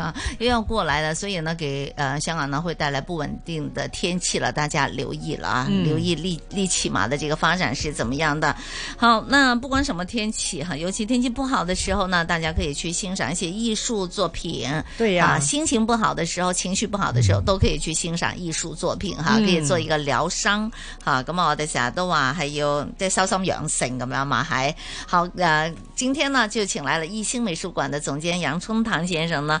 啊，又要過來了，所以呢，給呃香港呢會帶來不穩定的天氣了，大家留意了啊、嗯，留意利利奇馬的這個發展是怎麼樣的。好，那不管什麼天氣哈，尤其天氣不好的時候呢，大家可以去欣賞一些藝術作品。對呀、啊啊，心情不好的時候，情緒不好的時候，嗯、都可以去欣賞藝術作品哈、嗯啊，可以做一個療傷。哈、啊，咁我哋成日啊還有在修身養性咁樣嘛，還好呃今天呢，就請來了一新美術館的總監楊春棠先生呢。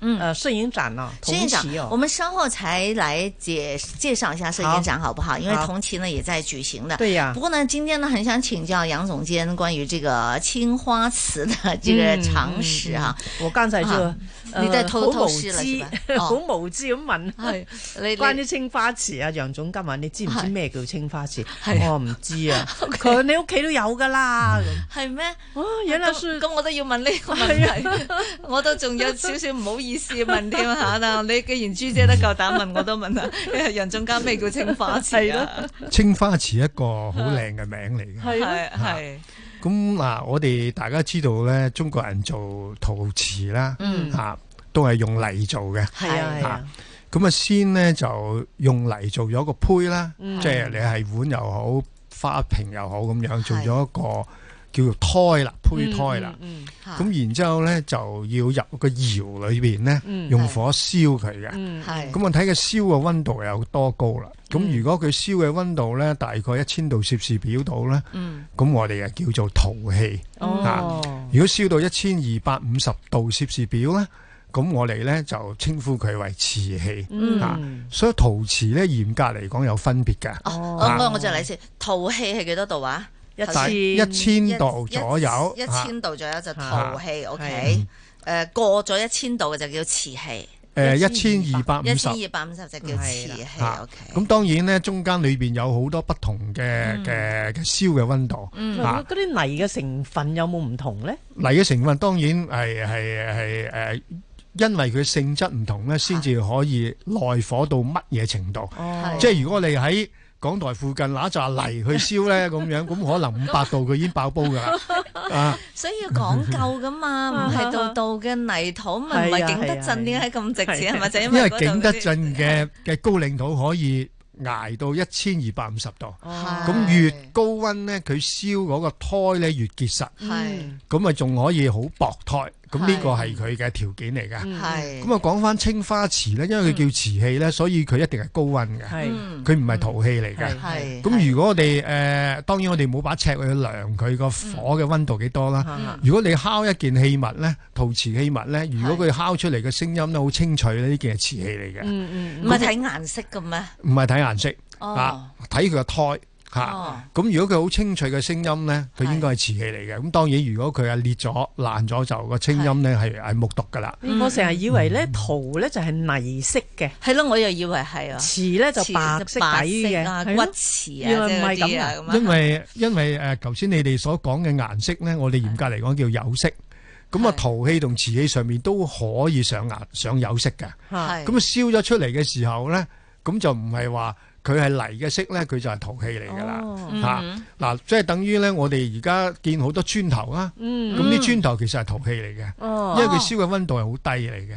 嗯，攝影展呢、啊、同、啊、影展我們稍後才來解介介紹一下攝影展，好不好？啊、因為同期呢也在舉行的。對、啊、呀，不過呢，今天呢，很想請教楊總監關於這個青花瓷的這個常識啊、嗯、啊。我剛才就、啊，你在偷偷試啦，好無知咁、哦、問係，你關於青花瓷啊？楊總監啊，你知唔知咩叫青花瓷？我唔知啊，佢、啊 okay，你屋企都有噶啦，係咩？哦、啊，楊老師，咁我都要問呢個問題，啊、我都仲有少少唔好意。 意思問添嚇，嗱，你既然朱姐都夠膽問，嗯，我都問啦。楊總監，咩叫青花瓷啊？青花瓷一個好靚嘅名嚟嘅，係係。咁、啊、嗱、啊啊啊，我哋大家知道咧，中國人做陶瓷啦，嚇、啊、都係用泥做嘅，係、嗯、啊。啊。咁啊、啊先呢，就用泥做咗個胚啦，即、啊、係、就是、你係碗又好，花瓶又好，咁樣做咗一個。叫做胎啦，嗯，胚胎啦，咁然之後咧就要入個窑裏邊咧，嗯，用火燒佢嘅，咁我睇佢燒嘅溫度有多高啦。咁、嗯，如果佢燒嘅溫度咧，大概一千度攝氏表度咧，咁、嗯，我哋就叫做陶器，哦。如果燒到一千二百五十度攝氏表咧，咁我哋咧就稱呼佢為瓷器，嗯。所以陶瓷咧，嚴格嚟講有分別嘅。哦，我我就嚟先，陶器係幾多度啊？一千一千度左右，一千度左右就陶器，O K，誒過咗一千度嘅就叫瓷器。誒一千二百五十，一千二百五十就叫瓷器，O K。咁當然咧，中間裏邊有好多不同嘅嘅燒嘅溫度，嗱嗰啲泥嘅成分有冇唔同咧？泥嘅成分當然係係係誒，因為佢性質唔同咧，先至可以耐火到乜嘢程度。即係如果你喺.港台附近拿扎泥去燒咧，咁 樣，咁可能五百度佢已經爆煲噶啦、 啊，所以要講究噶嘛，唔係度度嘅泥土唔係 景德鎮點解咁值錢？係咪就因為景德鎮嘅嘅高嶺土可以捱到一千二百五十度，咁，啊，越高温咧佢燒嗰個胎咧越結實，咁啊仲可以好薄胎。咁呢個係佢嘅條件嚟噶。咁啊講翻青花瓷咧，因為佢叫瓷器咧，所以佢一定係高溫嘅。佢唔係陶器嚟嘅。咁如果我哋誒，當然我哋冇把尺去量佢個火嘅溫度幾多啦。如果你敲一件器物咧，陶瓷器物咧，如果佢敲出嚟嘅聲音都好清脆咧，呢件係瓷器嚟嘅。唔係睇顏色嘅咩？唔係睇顏色啊，睇佢個胎。吓，咁如果佢好清脆嘅聲音咧，佢應該係瓷器嚟嘅。咁當然，如果佢係裂咗，爛咗，就個清音咧係係木瀆噶啦。我成日以為咧陶咧就係泥色嘅，係咯，我又以為係啊瓷咧就白色底嘅，係咯。骨瓷啊，唔係咁樣，因為因為誒，頭先你哋所講嘅顏色咧，我哋嚴格嚟講叫釉色。咁啊，陶器同瓷器上面都可以上顏上釉色嘅。係咁燒咗出嚟嘅時候咧，咁就唔係話。佢係泥嘅色咧，佢就係陶器嚟噶啦嚇。嗱，即係等於咧，我哋而家見好多磚頭啦，咁啲磚頭其實係陶器嚟嘅。哦、因為佢燒嘅溫度係好低嚟嘅，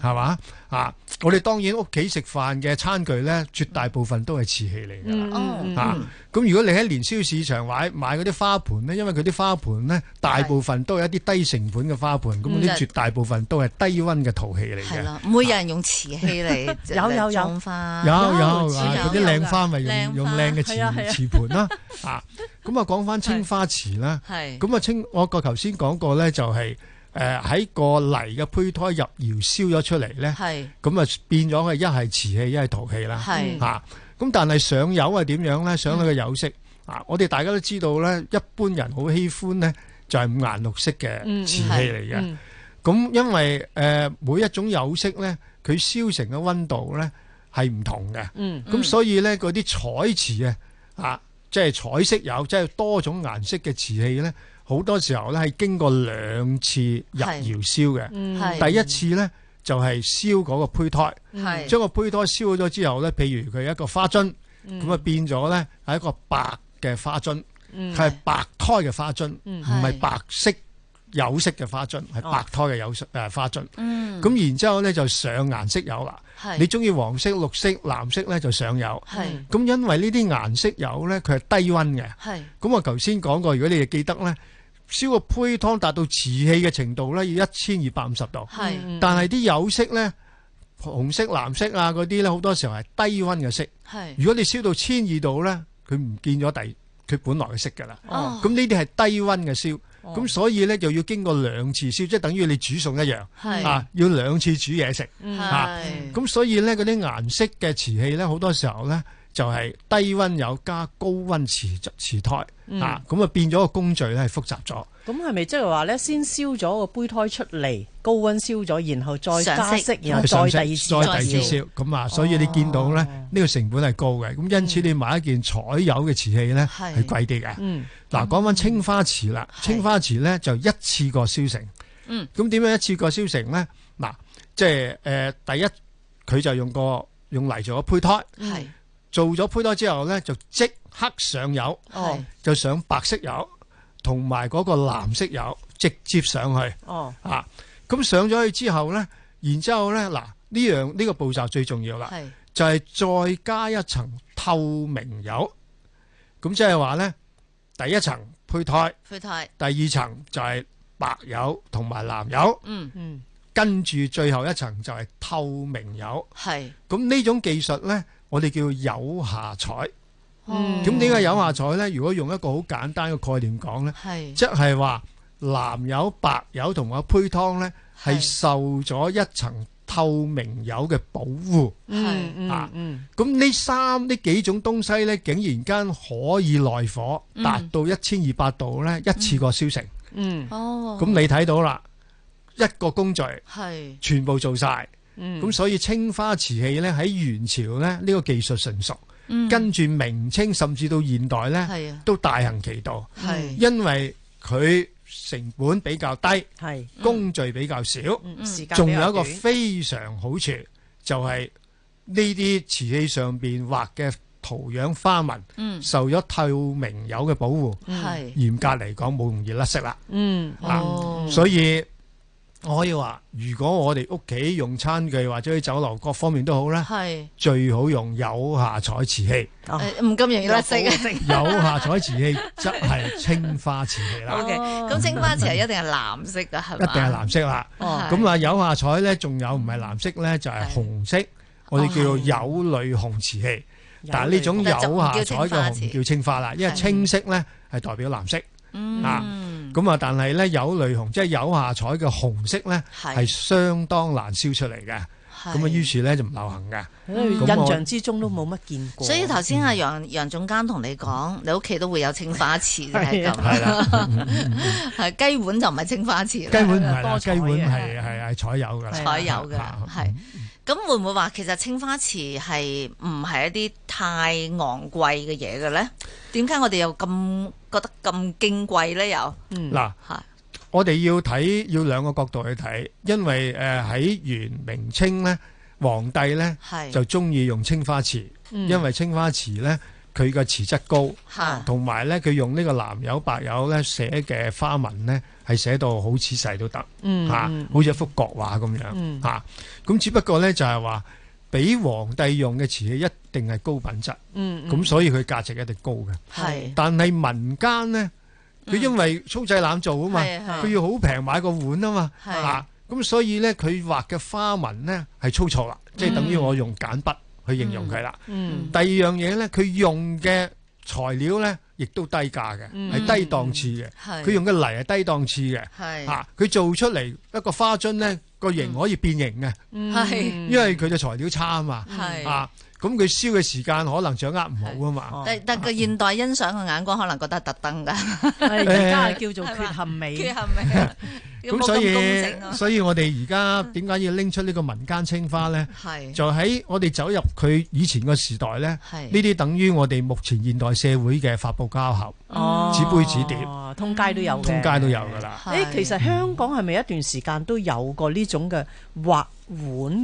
係嘛、哦？啊！我哋當然屋企食飯嘅餐具咧，絕大部分都係瓷器嚟㗎，嗯。啊！咁如果你喺年宵市場買買嗰啲花盆咧，因為佢啲花盆咧，大部分都係一啲低成本嘅花盆，咁啲絕大部分都係低温嘅陶器嚟嘅。唔會有人用瓷器嚟，啊，有有有花有有嗰啲靚花咪用用靚嘅瓷瓷盤啦。啊！咁啊，講翻青花瓷啦。係。咁啊，青我個頭先講過咧，就係，就係。誒、呃、喺個泥嘅胚胎入窯燒咗出嚟咧，咁啊變咗佢一係瓷器一係陶器啦，嚇咁、啊、但係上釉係點樣咧？上嗰個釉色、嗯、啊，我哋大家都知道咧，一般人好喜歡咧就係五顏六色嘅瓷器嚟嘅。咁、嗯嗯啊、因為誒、呃、每一種釉色咧，佢燒成嘅温度咧係唔同嘅，咁、嗯嗯啊、所以咧嗰啲彩瓷啊，即、就、係、是、彩色油，即、就、係、是、多種顏色嘅瓷器咧。好多時候咧係經過兩次入窯燒嘅、嗯嗯，第一次呢，就係燒嗰個胚胎，將個胚胎燒咗之後呢，譬如佢係一個花樽，咁、嗯、啊變咗呢，係一個白嘅花樽，係、嗯、白胎嘅花樽，唔係白色有色嘅花樽，係白胎嘅有色誒、嗯呃、花樽。咁、嗯、然之後呢，就上顏色油啦，你中意黃色、綠色、藍色呢，就上油。咁、嗯、因為呢啲顏色油呢，佢係低温嘅。咁我頭先講過，如果你哋記得呢。燒個胚胎達到瓷器嘅程度咧，要一千二百五十度。係，但係啲釉色咧，紅色、藍色啊嗰啲咧，好多時候係低温嘅色。係，如果你燒到千二度咧，佢唔見咗底佢本來嘅色噶啦。哦，咁呢啲係低温嘅燒。哦，咁所以咧就要經過兩次燒，即係等於你煮餸一樣。係，啊，要兩次煮嘢食。係，咁，啊，所以咧嗰啲顏色嘅瓷器咧，好多時候咧。就係、是、低溫釉加高溫瓷瓷胎啊，咁、嗯、啊變咗個工序咧，係複雜咗。咁係咪即係話咧，是是是先燒咗個杯胎出嚟，高溫燒咗，然後再加色，色然後再第再第二次再燒咁啊、哦？所以你見到咧，呢個成本係高嘅。咁、嗯、因此你買一件彩釉嘅瓷器咧係貴啲嘅。嗯，嗱講翻青花瓷啦，青、嗯、花瓷咧就一次過燒成。嗯，咁點樣一次過燒成咧？嗱，即係誒第一佢就用個用泥做個杯胎。係、嗯。做咗胚胎之後呢，就即刻上油，就上白色油同埋嗰個藍色油，直接上去嚇。咁上咗去之後呢，然之後呢嗱，呢樣呢個步驟最重要啦，就係再加一層透明油。咁即係話呢，第一層胚胎，胚胎，第二層就係白油同埋藍油，嗯嗯，跟住最後一層就係透明油，係咁，呢種技術呢。我哋叫有下彩，咁點解有下彩咧？如果用一個好簡單嘅概念講咧，即係話，藍油、白油同埋胚湯咧，係受咗一層透明油嘅保護，啊，咁呢三呢幾種東西咧，竟然間可以耐火達到一千二百度咧，一次過燒成，咁你睇到啦，一個工序，全部做晒。咁所以青花瓷器咧，喺元朝咧呢個技術成熟，跟住，明清甚至到現代咧都大行其道，因為佢成本比較低，工序比較少，仲有一個非常好處就係呢啲瓷器上邊畫嘅圖樣花紋受咗透明釉嘅保護，嚴格嚟講冇容易甩色啦，啊，所以。我可以話，如果我哋屋企用餐具或者去酒樓，各方面都好咧，最好用釉下彩瓷器。唔咁容易甩色嘅，有釉下彩瓷器，則係青花瓷器啦。咁青花瓷器一定係藍色噶，係咪？一定係藍色啦。咁啊，釉下彩咧，仲有唔係藍色咧，就係紅色。我哋叫做釉裏紅瓷器。但係呢種釉下彩嘅紅唔叫青花啦，因為青色咧係代表藍色啊。咁啊！但係咧釉裡紅，即、就、係、是、釉下彩嘅紅色咧，係相當難燒出嚟嘅。咁啊，於是咧就唔流行嘅、嗯。印象之中都冇乜見過。所以頭先阿楊楊總監同你講，你屋企都會有青花瓷嘅係咁。係、 啊啊、 雞碗就唔係青花瓷，雞碗唔多，雞碗係係係彩釉嘅彩釉嘅。係咁會唔會話其實青花瓷係唔係一啲太昂貴嘅嘢嘅咧？點解我哋有咁覺得咁矜貴呢？又、嗯、嗱，我哋要睇要兩個角度去睇，因為誒喺、呃、元明清呢，皇帝呢就中意用青花瓷、嗯，因為青花瓷呢，佢嘅瓷質高，同、啊、埋呢，佢用呢個藍釉白釉呢寫嘅花紋呢，係寫到好纖細都得，吓、嗯啊，好似一幅國畫咁樣，吓、嗯，咁、啊、只不過呢，就係、是、話。俾皇帝用嘅瓷器一定係高品質，咁、嗯嗯、所以佢價值一定高嘅。但係民間咧，佢、嗯、因為粗製濫造啊嘛，佢要好平買個碗啊嘛，咁、啊、所以咧佢畫嘅花紋咧係粗糙啦、嗯，即係等於我用簡筆去形容佢啦、嗯嗯。第二樣嘢咧，佢用嘅材料咧亦都低價嘅，係、嗯、低檔次嘅。佢用嘅泥係低檔次嘅，啊，佢做出嚟一個花樽咧。個形可以變形嘅，因為佢嘅材料差啊嘛，啊，咁佢燒嘅時間可能掌握唔好啊嘛。但但個現代欣賞嘅眼光可能覺得係特登噶，而家係叫做缺陷美。缺陷美。咁所以，所以我哋而家點解要拎出呢個民間青花咧？就喺我哋走入佢以前個時代咧，呢啲等於我哋目前現代社會嘅發泡膠盒、紙杯、紙碟。通街都有的，嗯，通街都有噶啦。誒，其實香港係咪一段時間都有過呢種嘅畫碗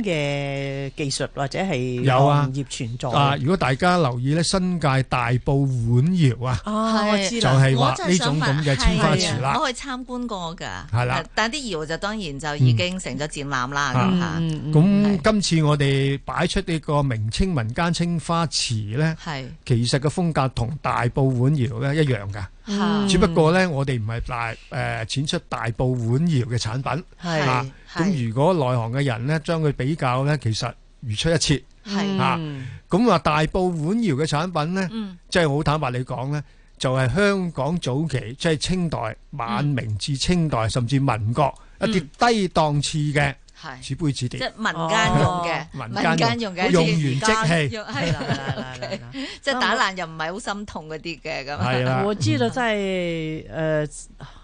嘅技術，或者係行業存在啊，啊？如果大家留意咧，新界大埔碗窯啊，係啊我知道就係、係、畫呢種咁嘅青花瓷啦。我係、啊、參觀過㗎，係啦、啊。但啲窯就當然就已經成咗展覽啦。嚇、嗯，咁、啊、今、嗯啊、次我哋擺出呢個明清民間青花瓷咧、啊啊，其實嘅風格同大埔碗窯咧一樣㗎。嗯、只不過呢，我哋唔係大誒，展、呃、出大埔碗窯嘅產品嚇。咁、啊、如果內行嘅人呢，將佢比較呢，其實如出一轍嚇。咁話、啊嗯、大埔碗窯嘅產品呢，即係好坦白你講呢，就係、是、香港早期即係、就是、清代晚明至清代，甚至民國一啲低檔次嘅。係，即係民間用嘅、哦，民間用嘅，用完即棄，係啦即係、 okay, 打爛又唔係好心痛嗰啲嘅咁。我記得在誒、呃、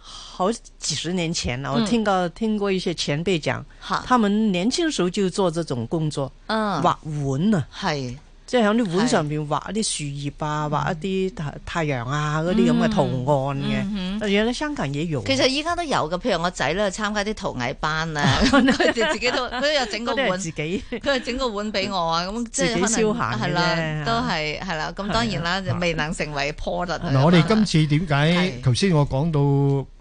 好幾十年前、嗯、我聽過,聽過一些前輩講，嗯、他們年輕時候就做這種工作，嗯、畫碗啊，係。即係喺啲碗上邊畫一啲樹葉啊，畫一啲太太陽啊，嗰啲咁嘅圖案嘅，或者生近嘢用。其實依家都有嘅，譬如我仔咧參加啲陶藝班啊，佢 哋自己都佢整個碗，佢係整個碗俾我 啊，咁即係自己消閒係啦，都係係啦。咁、啊啊啊、當然啦，就未能成為破壞嗱，啊、我哋今次點解頭先我講到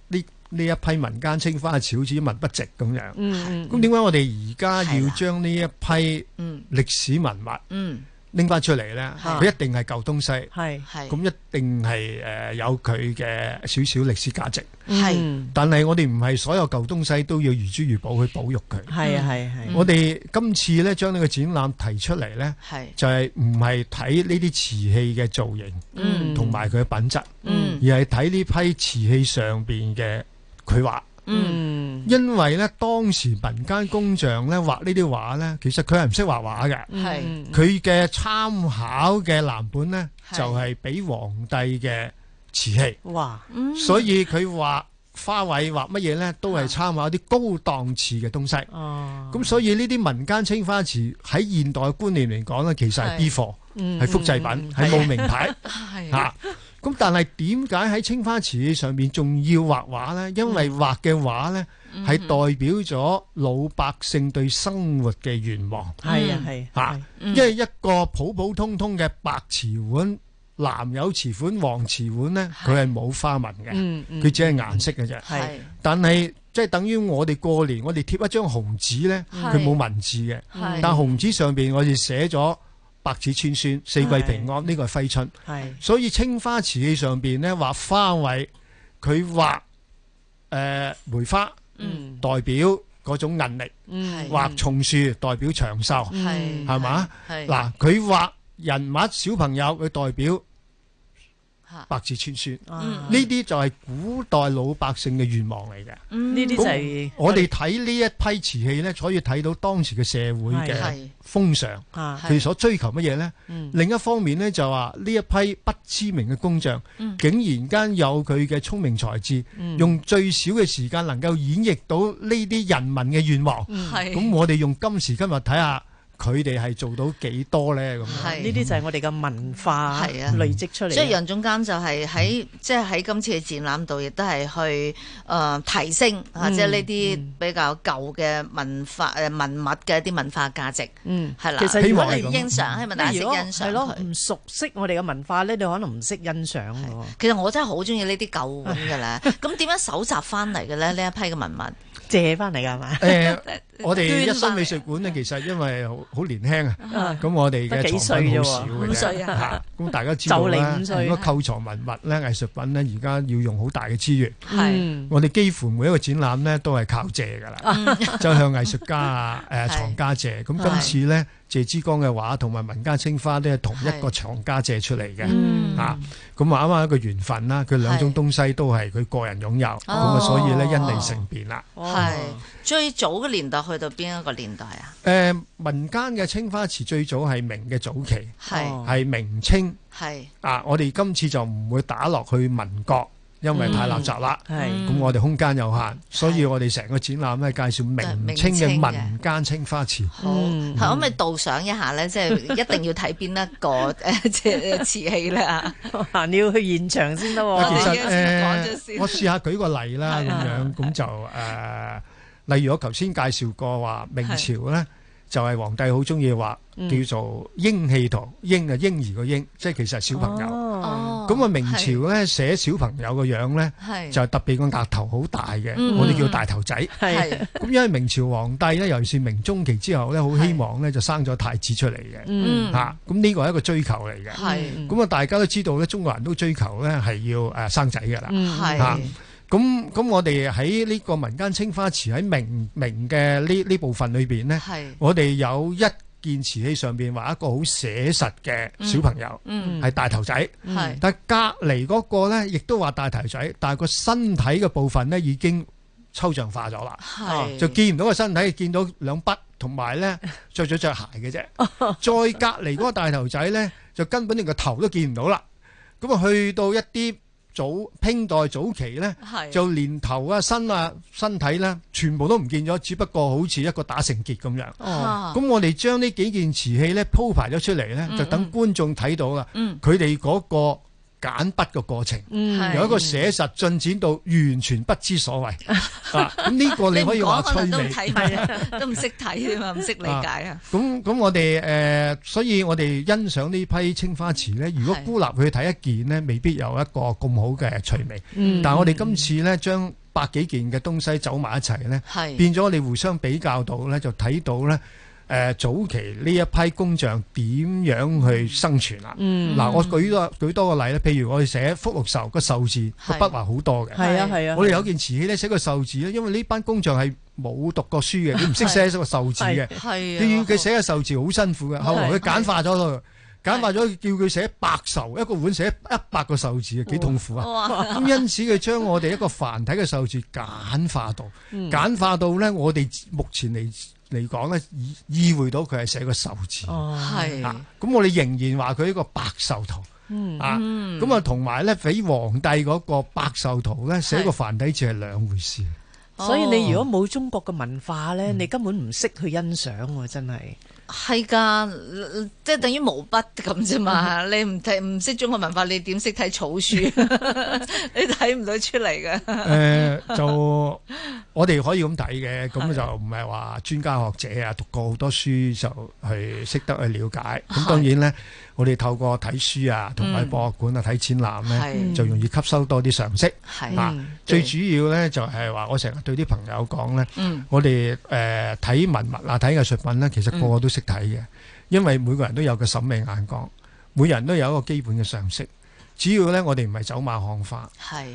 呢呢、啊、一批民間青花似好似一文不值咁樣？咁點解我哋而家要將呢一批歷史文物、啊？拎翻出嚟咧，佢一定係舊東西，咁一定係誒有佢嘅少少歷史價值。但係我哋唔係所有舊東西都要如珠如寶去保育佢。係啊係係。我哋今次咧將呢個展覽提出嚟咧，就係唔係睇呢啲瓷器嘅造型，同埋佢嘅品質，而係睇呢批瓷器上邊嘅佢畫。嗯，因為咧當時民間工匠咧畫呢啲畫咧，其實佢係唔識畫畫嘅，係佢嘅參考嘅藍本咧就係俾皇帝嘅瓷器，哇、嗯！所以佢畫花卉畫乜嘢咧，都係參考一啲高檔瓷嘅東西。哦、啊，咁所以呢啲民間青花瓷喺現代嘅觀念嚟講咧，其實係 B 貨，係複製品，係冇名牌吓。 咁但係點解喺青花瓷上邊仲要畫畫呢？因為畫嘅畫呢係代表咗老百姓對生活嘅願望。係啊係。嚇，因為一個普普通通嘅白瓷碗、藍釉瓷碗、黃瓷碗呢，佢係冇花紋嘅，佢只係顏色嘅啫。係。但係即係等於我哋過年，我哋貼一張紅紙呢，佢冇文字嘅。係。但紅紙上邊我哋寫咗，百子千孫，四季平安，呢個係揮春。係，所以青花瓷器上邊咧畫花卉，佢畫誒梅花，嗯，代表嗰種韌力。嗯，畫松樹代表長壽，係係嘛？係嗱，佢畫人物小朋友，佢代表。百子千孫，呢啲、嗯、就係古代老百姓嘅願望嚟嘅。咁、嗯、我哋睇呢一批瓷器呢，可以睇到當時嘅社會嘅風尚，佢是所追求乜嘢呢？啊、另一方面呢，就話呢一批不知名嘅工匠，嗯、竟然間有佢嘅聰明才智，嗯、用最少嘅時間能夠演繹到呢啲人民嘅願望。咁、嗯、我哋用今時今日睇下。佢哋係做到幾多咧？咁樣呢啲就係我哋嘅文化累積出嚟、啊嗯。所以楊總監就係喺即係喺今次嘅展覽度，亦都係去誒提升、嗯、或者呢啲比較舊嘅文化誒、嗯、文物嘅一啲文化價值。嗯，係啦、啊。其實如果你唔欣賞，係咪、啊？大家識欣賞佢。唔、啊、熟悉我哋嘅文化咧、嗯，你可能唔識欣賞、啊、其實我真係好中意呢啲舊嘢㗎啦。咁、啊、點樣搜集翻嚟嘅咧？呢 一批嘅文物？借翻嚟噶係嘛？誒，我哋一新美術館咧，其實因為好好年輕啊，咁我哋而家藏品好少嘅啫。五歲啊，咁大家知道咧，如果購藏文物咧、藝術品咧，而家要用好大嘅資源。係，我哋幾乎每一個展覽咧都係靠借㗎喇，就向藝術家啊、誒藏家借。咁今次咧。謝之光嘅畫同埋民間青花都係同一個廠家借出嚟嘅，吓，咁啱啱一個緣分啦。佢兩種東西都係佢個人擁有，咁啊所以呢因利成便啦。係最早嘅年代去到邊一個年代啊？誒，民間嘅青花瓷最早係明嘅早期，係，係明清係啊。我哋今次就唔會打落去民國。因為太垃圾啦，係、嗯、咁我哋空間有限，嗯、所以我哋成個展覽咧介紹明清嘅民間青花瓷。好、嗯，係我咪導賞一下咧， 即係一定要睇邊一個誒，即係瓷器啦。你要去現場先得、啊、喎。其實、呃 呃、我試下舉個例啦，咁、啊、樣咁就誒、呃，例如我頭先介紹過話明朝咧，就係、是、皇帝好中意話叫做嬰戲圖，嬰啊嬰兒個嬰，即係其實係小朋友。哦嗯咁啊明朝咧寫小朋友個樣咧，就特別個額頭好大嘅，我哋叫大頭仔。咁因為明朝皇帝咧，尤其是明中期之後咧，好希望咧就生咗太子出嚟嘅。嚇，咁呢個係一個追求嚟嘅。咁啊，大家都知道咧，中國人都追求咧係要誒生仔㗎啦。嚇，咁咁我哋喺呢個民間青花瓷喺明明嘅呢呢部分裏邊咧，我哋有一。件瓷器上邊畫一個好寫實嘅小朋友，係、嗯嗯、大，大頭仔。但係隔籬嗰個咧，亦都話大頭仔，但係個身體嘅部分咧已經抽象化咗啦，就見唔到個身體，見到兩筆，同埋咧着咗着鞋嘅啫。 再隔籬嗰個大頭仔咧，就根本連個頭都見唔到啦。咁啊，去到一啲。早清代早期咧，是的 就連頭啊、身啊、身體咧，全部都唔見咗，只不過好似一個打成結咁樣。咁、啊、我哋將呢幾件瓷器咧鋪排咗出嚟咧，嗯嗯，就等觀眾睇到喇。佢哋嗰個。簡筆嘅過程，由、嗯、一個寫實進展到完全不知所謂。咁呢、啊、個你可以話催眉。不都唔識睇啊，都唔識理解啊。咁咁我哋誒、呃，所以我哋欣賞呢批青花瓷咧，如果孤立去睇一件咧，未必有一個咁好嘅趣味。嗯、但係我哋今次咧，將百幾件嘅東西走埋一齊咧，變咗我哋互相比較到咧，就睇到咧。誒、呃、早期呢一批工匠點樣去生存、嗯、啊？嗱，我舉多舉多個例咧。譬如我哋寫福祿壽個壽字，筆畫好多嘅。係啊係啊，啊，我哋有件瓷器咧寫個壽字咧，因為呢班工匠係冇讀過書嘅，佢唔識寫個壽字嘅。係啊，佢寫個壽字好辛苦嘅，後來佢簡化咗佢、啊，簡化咗叫佢寫百壽、啊，一個碗寫一百個壽字啊，幾痛苦啊！咁因此佢將我哋一個繁體嘅壽字簡化到、嗯，簡化到咧我哋目前嚟。嚟講咧，意意會到佢係寫個壽字，係、哦、啊，咁我哋仍然話佢一個百壽圖、嗯嗯、啊，咁啊同埋咧，俾皇帝嗰個百壽圖咧寫個繁體字係兩回事，所以你如果冇中國嘅文化咧、嗯，你根本唔識去欣賞喎、啊，真係。係噶，即係等於毛筆咁啫嘛。 你唔睇唔識中國文化，你點識睇草書？ 你睇唔到出嚟嘅。誒，就我哋可以咁睇嘅，咁 就唔係話專家學者啊，讀過好多書就係識得去了解。咁的當然咧。我哋透過睇書啊，同埋博物館啊，睇展覽咧，嗯、就容易吸收多啲常識。嗱，最主要咧就係話，我成日對啲朋友講咧，嗯、我哋誒睇文物啊、睇藝術品咧，其實個個都識睇嘅，嗯、因為每個人都有個審美眼光，每人都有一個基本嘅常識。主要咧，我哋唔係走馬看花，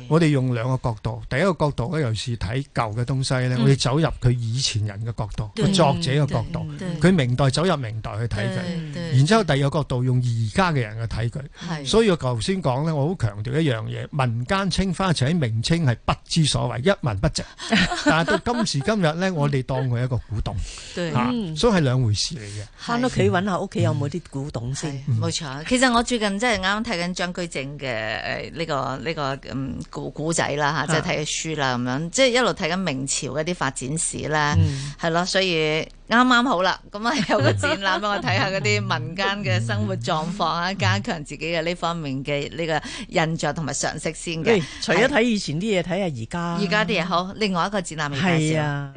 我哋用兩個角度。第一個角度咧，尤其是睇舊嘅東西咧、嗯，我哋走入佢以前人嘅角度，個作者嘅角度，佢明代走入明代去睇佢。然之後第二個角度用而家嘅人去睇佢。所以我頭先講咧，我好強調一樣嘢：民間青花除喺明清係不知所謂，一文不值。 但係到今時今日咧， 我哋當佢一個古董、嗯啊、所以係兩回事嚟嘅。翻屋企揾下屋企有冇啲古董先，冇、嗯、錯。其實我最近真係啱啱睇緊張居正。嘅誒、呢、哎，這個呢、這個嗯古古仔啦吓、啊啊，即係睇書啦咁樣，即係一路睇緊明朝嗰啲發展史啦，係、嗯、咯，所以啱啱好啦，咁、嗯、啊有個展覽俾 我睇下嗰啲民間嘅生活狀況啊， 加強自己嘅呢 方面嘅呢、這個印象同埋常識先嘅。除咗睇以前啲嘢，睇下而家，而家啲嘢好。另外一個展覽係啊，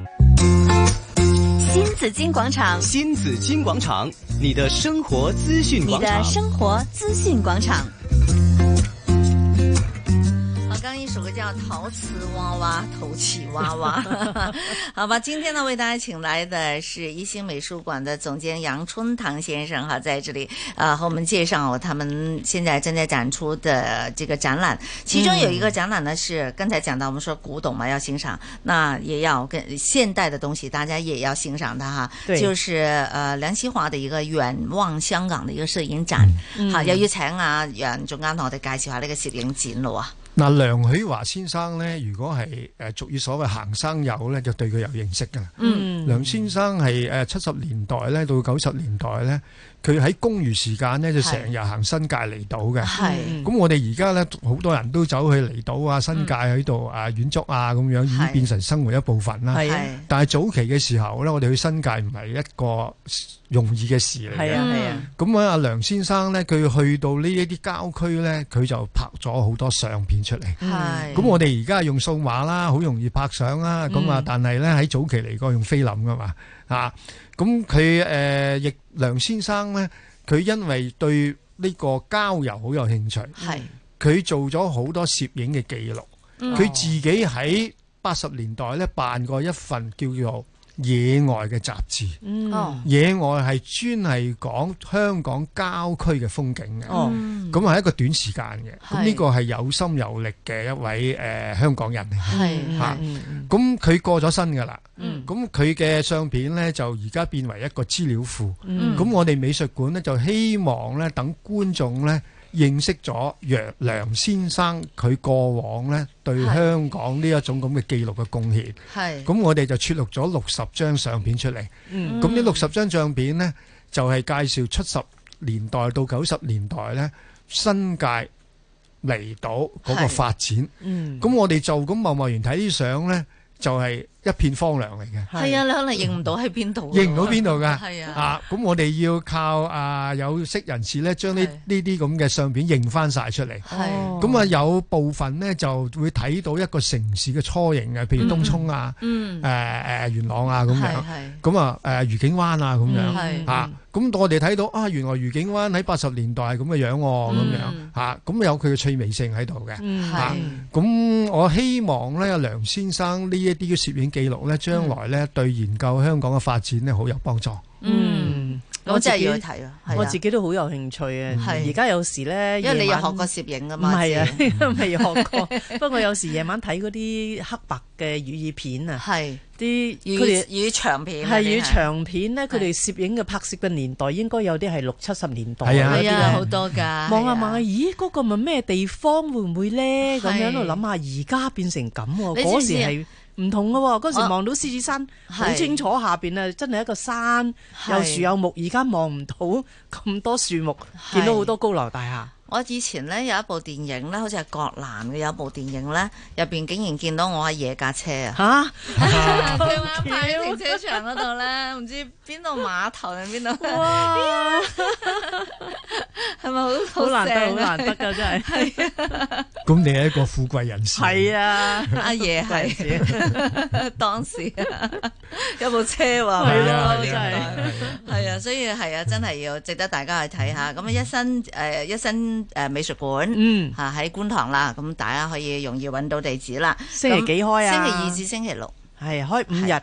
新紫金廣場，新紫金廣場，你的生活資訊廣場，你的生活資訊廣場。哦首個叫陶瓷娃娃，陶器娃娃， 好吧。今天呢，為大家請來的是一新美術館的總監楊春棠先生哈，在這裡呃和我們介紹他們現在正在展出的這個展覽，其中有一個展覽呢是剛才講到，我們說古董嘛要欣賞，那也要跟現代的東西大家也要欣賞的哈。對，就是呃梁啟華的一個遠望香港的一個攝影展，哈、嗯，又要請啊楊總監同我哋介紹下呢個攝影展了啊？那梁啟。朱華先生咧，如果係誒屬於所謂行山友咧，就對佢有認識㗎啦。嗯。梁先生係七十年代咧，到九十年代咧。佢喺公餘時間呢，就成日行新界離島嘅，咁我哋而家呢，好多人都走去離島啊、新界喺度啊遠足啊咁樣，已經變成生活一部分啦。但係早期嘅時候呢，我哋去新界唔係一個容易嘅事嚟嘅。咁啊，阿、啊啊、梁先生呢，佢去到呢一啲郊區呢，佢就拍咗好多相片出嚟。咁我哋而家用數碼啦，好容易拍相啦。咁啊，但係呢，喺早期嚟講，用菲林噶嘛吓。咁佢誒亦梁先生咧，佢因為對呢個郊遊好有興趣，係佢做咗好多攝影嘅記錄，佢自己喺八十年代咧辦過一份叫做野外嘅雜誌，野外係專係講香港郊區嘅風景嘅，咁係一個短時間嘅，咁呢個係有心有力嘅一位誒香港人嚟，嚇，咁佢過咗身㗎啦，咁佢嘅相片呢就而家變為一個資料庫，咁我哋美術館呢就希望呢等觀眾呢。認識咗楊梁先生，佢過往呢對香港呢一種咁嘅記錄嘅貢獻。係，咁我哋就撮錄咗六十張相片出嚟。嗯，咁呢六十張相片呢，就係介紹七十年代到九十年代呢新界離島嗰個發展。嗯，咁我哋就咁貿貿然睇啲相呢，就係。一片荒涼嚟嘅，係啊！你可能認唔到喺邊度，認唔到邊度㗎。係 啊，啊咁我哋要靠啊有識人士咧，將呢呢啲咁嘅相片認翻晒出嚟。係，咁、哦、啊有部分咧就會睇到一個城市嘅雛形嘅，譬如東涌啊，嗯，誒、呃、元朗啊咁樣，係咁啊誒愉、呃、景灣啊咁樣，係、嗯、嚇。咁、啊、我哋睇到啊，原來愉景灣喺八十年代咁嘅樣喎、啊，咁樣嚇。咁、啊、有佢嘅趣味性喺度嘅，嗯，咁、啊、我希望咧，阿梁先生呢一啲嘅攝影。記錄呢，將來呢，對研究香港嘅發展呢，好有幫助。嗯，嗯，我真係要睇啊，我自己都好有興趣啊。而家有時呢，因為你有學過攝影啊嘛？係啊，未、嗯、學過。 不過有時夜晚睇嗰啲黑白嘅粵語片啊，係啲粵語長片，係粵長片呢，佢哋攝影嘅拍攝嘅年代，應該有啲係六七十年代，係啊，好多噶。望下望下，咦，嗰、嗰個咪咩地方？會唔會呢？咁樣度諗下，而家變成咁，嗰時係。唔同噶，嗰時望到獅子山好清楚，下面，下邊啊真係一個山，有樹有木。而家望唔到咁多樹木，見到好多高樓大廈。我以前咧有一部電影咧，好似係葛蘭嘅有一部電影咧，入邊竟然見到我阿爺架車啊！吓、啊，佢 喺、啊、停車場嗰度咧，唔知邊度碼頭定邊度？哇！係咪好好難得，好 難得噶真係。 是啊 咁你係一個富貴人士，係啊， 阿爺係是， 當時有 部車喎，係啊,啊,啊,啊,啊,啊,啊,啊，所以係啊，真係要值得大家去睇下。咁、嗯、啊，一新誒，一新誒，美術館，嗯，嚇喺觀塘啦，咁大家可以容易揾到地址啦。星期幾開啊？星期二至星期六，係、啊、開五日。是啊